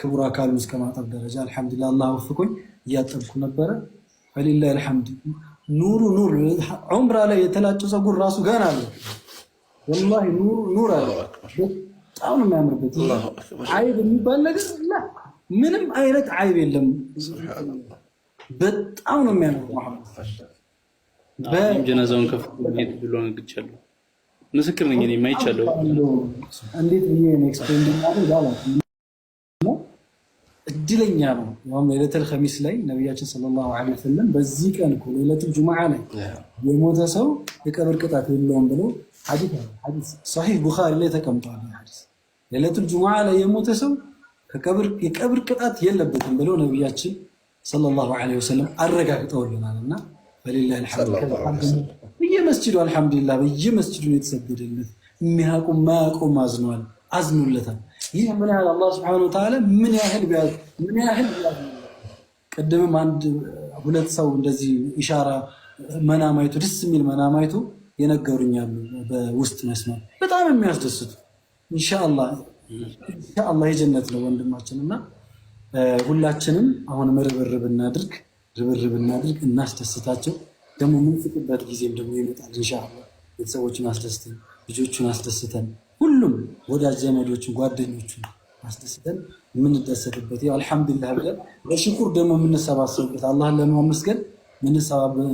ክቡር አካሉን እስከ ማጠብ ደረጃ አልሐምዱሊላ አላህ ወፍቆኝ እያጠብኩ ነበረ። ፈሊላ አልሐምዱ ኑሩ ኑር ዑምራ ላይ የተላጨ ፀጉር ራሱ ገና አለ። ወላሂ ኑሩ ኑር አለ። በጣም ነው የሚያምርበት። አይብ የሚባል ነገር ምንም አይነት አይብ የለም። በጣም ነው የሚያምር መሐመድ ጀናዛውን ከፍ ብሎ ነግቻለሁ። ምስክር ነኝ እኔ ማይቻለሁ እንዴት ብዬ ኤክስፕሌን እድለኛ ነው። ያውም ሌለተል ከሚስ ላይ ነቢያችን ሰለላሁ ዐለይሂ ወሰለም በዚህ ቀን እኮ ሌለቱል ጁሙዓ ላይ የሞተ ሰው የቀብር ቅጣት የለውም ብለው ሰሒሕ ቡኻሪ ላይ ተቀምጧል። ሌለቱል ጁሙዓ ላይ የሞተ ሰው የቀብር ቅጣት የለበትም ብለው ነቢያችን ሰለላሁ ዐለይሂ ወሰለም አረጋግጠውልናል። እና በሌላ በየመስጅዱ አልሐምዱሊላህ በየመስጅዱ የተሰገደለት የሚያውቁ ማያውቁም አዝኗል፣ አዝኑለታል ይህ ምን ያህል አላህ ስብሐነሁ ወተዓላ ምን ያህል ምን ያህል ቅድምም አንድ ሁለት ሰው እንደዚህ ኢሻራ መናማይቱ ደስ የሚል መናማይቱ የነገሩኛሉ በውስጥ መስመር በጣም የሚያስደስቱ ኢንሻአላህ የጀነት ነው ወንድማችን እና ሁላችንም አሁንም ርብርብ እናድርግ፣ ርብርብ እናድርግ፣ እናስደስታቸው። ደግሞ ምንፍቅበት ጊዜም ደግሞ ይመጣል ኢንሻአላህ። ቤተሰቦቹን አስደስተን ልጆቹን አስደስተን ሁሉም ወዳጅ ዘመዶችን ጓደኞቹን አስደስተን የምንደሰትበት አልሐምዱሊላህ ብለን በሽኩር ደግሞ የምንሰባሰብበት አላህን ለማመስገን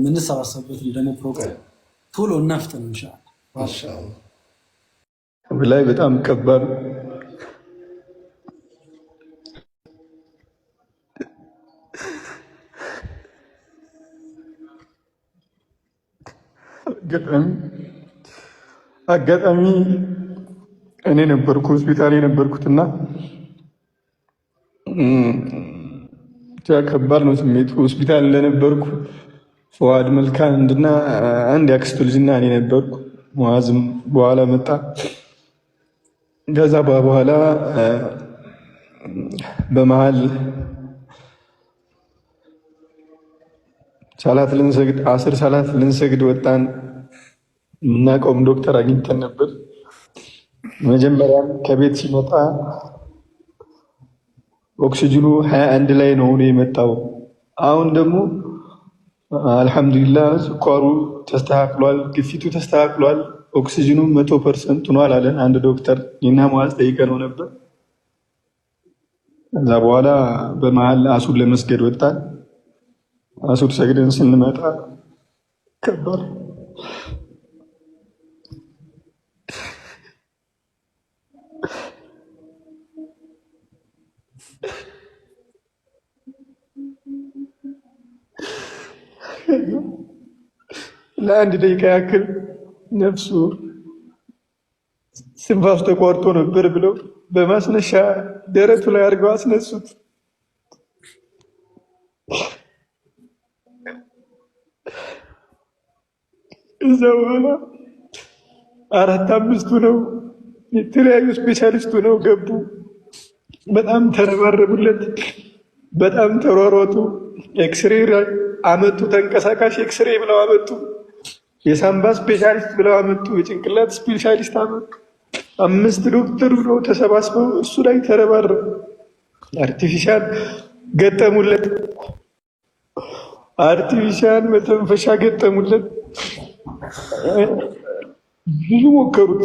የምንሰባሰብበትን ደግሞ ፕሮግራም ቶሎ እናፍጠን እንሻአላ። በላይ በጣም ከባድ አጋጣሚ እኔ ነበርኩ ሆስፒታል የነበርኩትና ከባድ ነው ስሜቱ። ሆስፒታል እንደነበርኩ ፈዋድ መልካን እንድና አንድ ያክስቱ ልጅና እኔ ነበርኩ። መዋዝም በኋላ መጣ። ከዛ በኋላ በመሀል ሰላት ልንሰግድ አስር ሰላት ልንሰግድ ወጣን። የምናውቀውም ዶክተር አግኝተን ነበር መጀመሪያም ከቤት ሲመጣ ኦክሲጅኑ ሀያ አንድ ላይ ነው ሆኖ የመጣው። አሁን ደግሞ አልሐምዱሊላ ስኳሩ ተስተካክሏል፣ ግፊቱ ተስተካክሏል፣ ኦክሲጅኑ መቶ ፐርሰንት ሆኗል አለን አንድ ዶክተር። እኔና መዋዝ ነው ነበር። ከዛ በኋላ በመሀል አሱን ለመስገድ ወጣን። አሱድ ሰግደን ስንመጣ ከባድ ለአንድ ደቂቃ ያክል ነፍሱ ስንፋስ ተቋርጦ ነበር ብለው በማስነሻ ደረቱ ላይ አድርገው አስነሱት። እዛ በኋላ አራት አምስቱ ነው የተለያዩ ስፔሻሊስቱ ነው ገቡ። በጣም ተረባረቡለት፣ በጣም ተሯሯጡ። ኤክስሬ አመጡ፣ ተንቀሳቃሽ ኤክስሬ ብለው አመጡ። የሳምባ ስፔሻሊስት ብለው አመጡ። የጭንቅላት ስፔሻሊስት አመጡ። አምስት ዶክተር ብለው ተሰባስበው እሱ ላይ ተረባረ አርቲፊሻል ገጠሙለት። አርቲፊሻል መተንፈሻ ገጠሙለት። ብዙ ሞከሩት።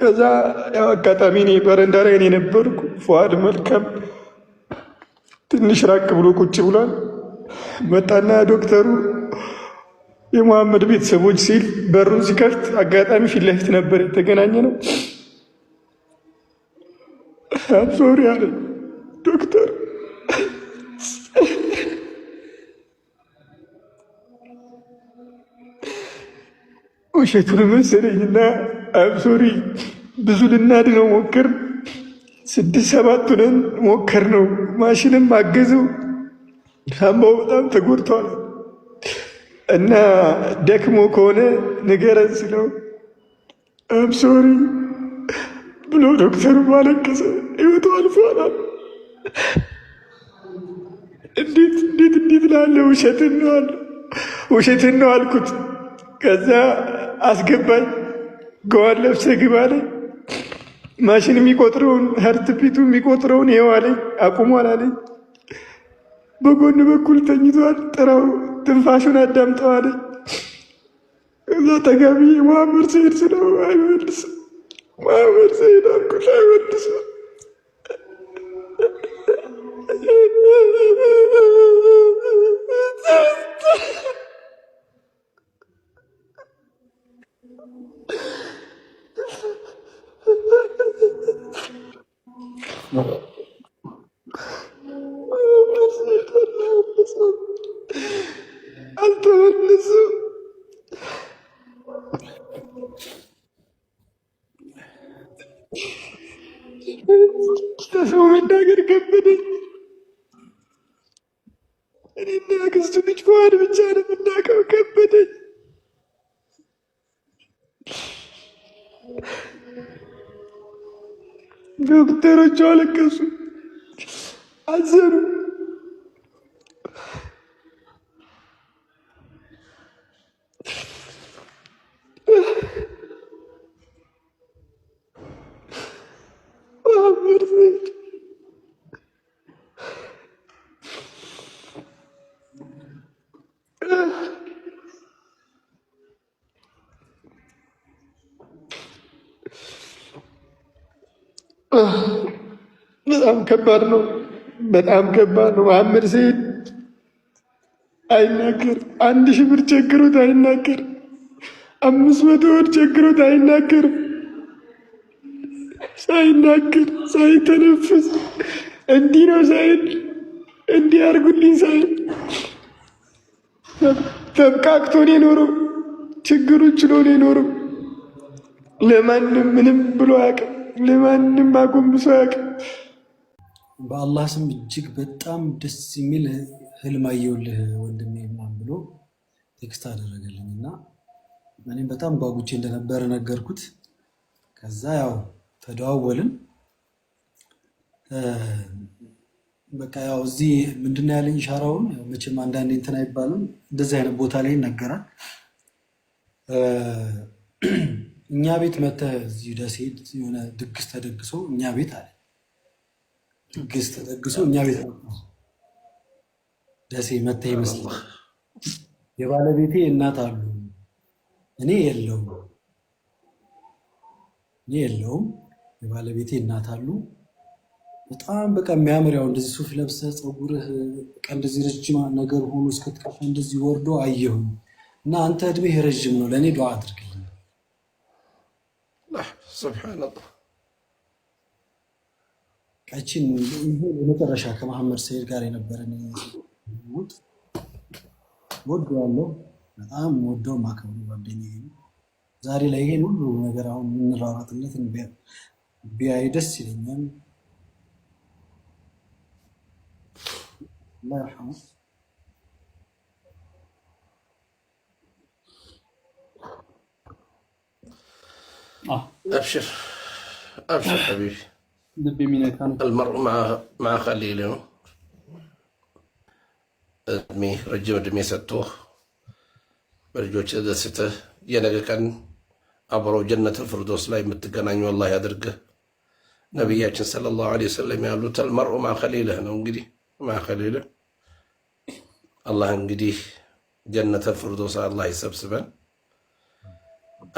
ከዛ አጋጣሚ እኔ በረንዳ ላይ እኔ ነበርኩ። ፏድ መልካም ትንሽ ራቅ ብሎ ቁጭ ብሏል። መጣና ዶክተሩ የሙሐመድ ቤተሰቦች ሲል በሩን ሲከፍት አጋጣሚ ፊት ለፊት ነበር የተገናኘ ነው። ሶሪ አለ ዶክተር ውሸቱን መሰለኝና አብሶሪ ብዙ ልናድ ነው ሞክር ስድስት ሰባቱንን ሞከር ነው። ማሽንም አገዘው ሳምባው በጣም ተጎድተዋል። እና ደክሞ ከሆነ ንገረን ስለው ሶሪ ብሎ ዶክተሩ ማለቀሰ። ህይወቱ አልፏላል። እንዴት እንዴት እንዴት ላለ ውሸትን ነው አለ ውሸትን ነው አልኩት። ከዛ አስገባኝ። ገዋን ለብሰ ግባ ማሽን የሚቆጥረውን ፒቱ የሚቆጥረውን ይኸው አለኝ። አቁሟል አለኝ። በጎን በኩል ተኝቷል። ጥራው ትንፋሹን አዳምጠዋል። እዛ ተገቢ መሐመድ ሰይድ ስለው አይመልስም። መሐመድ ሰይድ አኩል አይመልስም። No. ነገር ከበደኝ። እኔና ክስቱ ልጅ ከዋን ብቻ ነው የምናውቀው። ከበደኝ። ዶክተሮቹ አለቀሱ፣ አዘኑ። በጣም ከባድ ነው። በጣም ከባድ ነው። መሐመድ ሰይድ አይናገር። አንድ ሺህ ብር ቸግሮት አይናገር። አምስት መቶ ብር ቸግሮት አይናገር። ሳይናገር ሳይተነፍስ እንዲህ ነው ሳይል እንዲህ አርጉልኝ ሳይል ተብቃቅቶ ነው የኖረው። ችግሩን ችሎ ነው የኖረው። ለማንም ምንም ብሎ አያውቅም። ለማንም አጎንብሶ አያውቅም። በአላህ ስም እጅግ በጣም ደስ የሚል ህልም አየሁልህ ወንድሜ ምናምን ብሎ ቴክስት አደረገልኝ እና እኔም በጣም ጓጉቼ እንደነበረ ነገርኩት። ከዛ ያው ተደዋወልን። በቃ ያው እዚህ ምንድነው ያለኝ ሻራውን መቼም አንዳንዴ እንትን አይባልም እንደዚህ አይነት ቦታ ላይ ይነገራል። እኛ ቤት መተህ እዚህ ደሴት የሆነ ድግስ ተደግሶ እኛ ቤት አለ ድግስ ተደግሶ እኛ ቤት ደሴ መተህ ይመስላል። የባለቤቴ እናት አሉ። እኔ የለውም እኔ የለውም። የባለቤቴ እናት አሉ። በጣም በቃ የሚያምር ያው እንደዚህ ሱፍ ለብሰህ ፀጉርህ በቃ እንደዚህ ረጅም ነገር ሆኖ እስከትከፋ እንደዚህ ወርዶ አየሁ እና አንተ እድሜህ ረዥም ነው ለእኔ ዱዓ አድርግልኝ ሱብሓነላህ። እችን የመጨረሻ ከመሐመድ ሰይድ ጋር የነበረን ውጥ ወደዋለሁ፣ በጣም ወዶ ማከብሩ ጓደኛ ዛሬ ላይ ይሄን ሁሉ ነገር አሁን የምንራራጥለት ቢያይ ደስ ይለኛል። አላህ ይርሐሙ آه. ابشر ابشر آه. حبيبي نبي من كان المرء مع مع خليله ادمي رجو ادمي ستوه رجو تشد سته ينقى كان ابرو جنه الفردوس لا يمتقنان والله يدرك نبي صلى الله عليه وسلم يقول المرء مع خليله نقدي مع خليله الله نقدي جنه الفردوس الله يسبسبن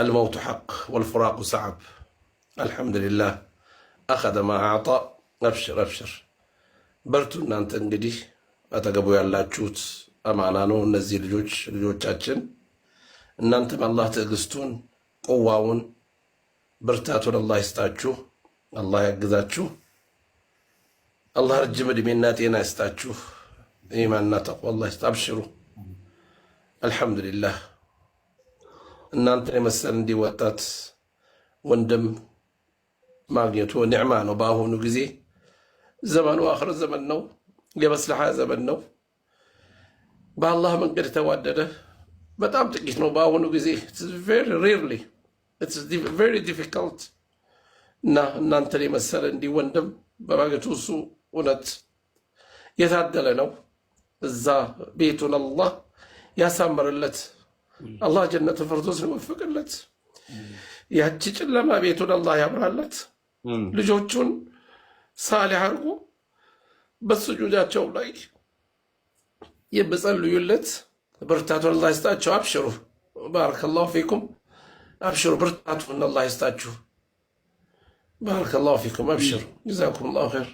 አልመውቱ ሐቅ ወልፍራቁ ሰዓብ። አልሐምዱሊላህ አኸደ ማአዕጣ። አብሽር አብሽር፣ በርቱ። እናንተ እንግዲህ አጠገቡ ያላችሁት አማና ነው። እነዚህ ልጆች ልጆቻችን፣ እናንተም አላህ ትዕግስቱን፣ ቁዋውን፣ ብርታቱን አላህ ይስጣችሁ፣ አላህ ያግዛችሁ። አላህ ረጅም እድሜና ጤና ይስጣችሁ። ኢማንና ተቅዋ አላህ ይስጥ። አብሽሩ። አልሐምዱሊላህ እናንተን የመሰል እንዲህ ወጣት ወንድም ማግኘቱ ኒዕማ ነው። በአሁኑ ጊዜ ዘመኑ አኽር ዘመን ነው፣ የመስለሓ ዘመን ነው። በአላህ መንገድ የተዋደደ በጣም ጥቂት ነው። በአሁኑ ጊዜ ሬርሊ ቨሪ ዲፊካልት እና እናንተን የመሰለ እንዲህ ወንድም በማግኘቱ እሱ እውነት የታደለ ነው። እዛ ቤቱን አላህ ያሳምርለት። አላህ ጀነት ፈርዶስን ወፍቅለት። ያቺ ጨለማ ቤቱን አላህ ያብራለት። ልጆቹን ሳሊህ አድርጎ በስጁዳቸው ላይ የምጸልዩለት ብርታቱን አላህ ይስጣቸው። አብሽሩ ባረከላሁ ፊኩም፣ አብሽሩ ብርታቱን አላህ ይስጣችሁ። ባረከላሁ ፊኩም፣ አብሽሩ ጀዛኩም ላሁ ኸይር።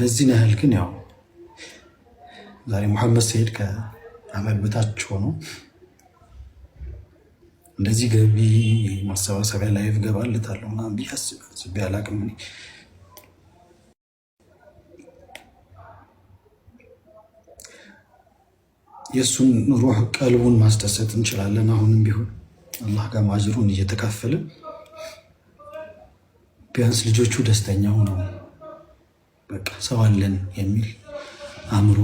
በዚህ ያህል ግን ያው ዛሬ ሙሐመድ ሰይድ ከአመል በታች ሆኖ እንደዚህ ገቢ ማሰባሰቢያ ላይ ገባለታለሁ ምናምን ብዬ አላቅም። የእሱን ሩህ ቀልቡን ማስደሰት እንችላለን። አሁንም ቢሆን አላህ ጋር ማጅሩን እየተካፈልን ቢያንስ ልጆቹ ደስተኛ ነው በቃ ሰው አለን የሚል አእምሮ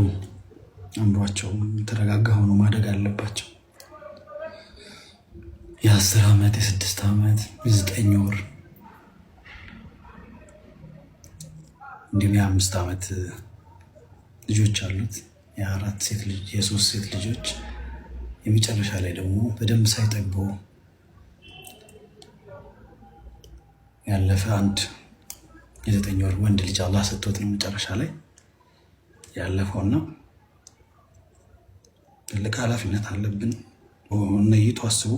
አእምሯቸውም የተረጋጋ ሆኖ ማደግ አለባቸው። የአስር ዓመት የስድስት ዓመት የዘጠኝ ወር እንዲሁም የአምስት ዓመት ልጆች አሉት። የአራት ሴት ልጅ የሶስት ሴት ልጆች የመጨረሻ ላይ ደግሞ በደንብ ሳይጠግቦ ያለፈ አንድ የዘጠኝ ወር ወንድ ልጅ አላህ ሰጥቶት ነው መጨረሻ ላይ ያለፈውና ትልቅ ኃላፊነት አለብን። እነይቱ አስቡ።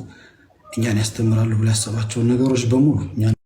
እኛን ያስተምራሉ ብሎ ያሰባቸውን ነገሮች በሙሉ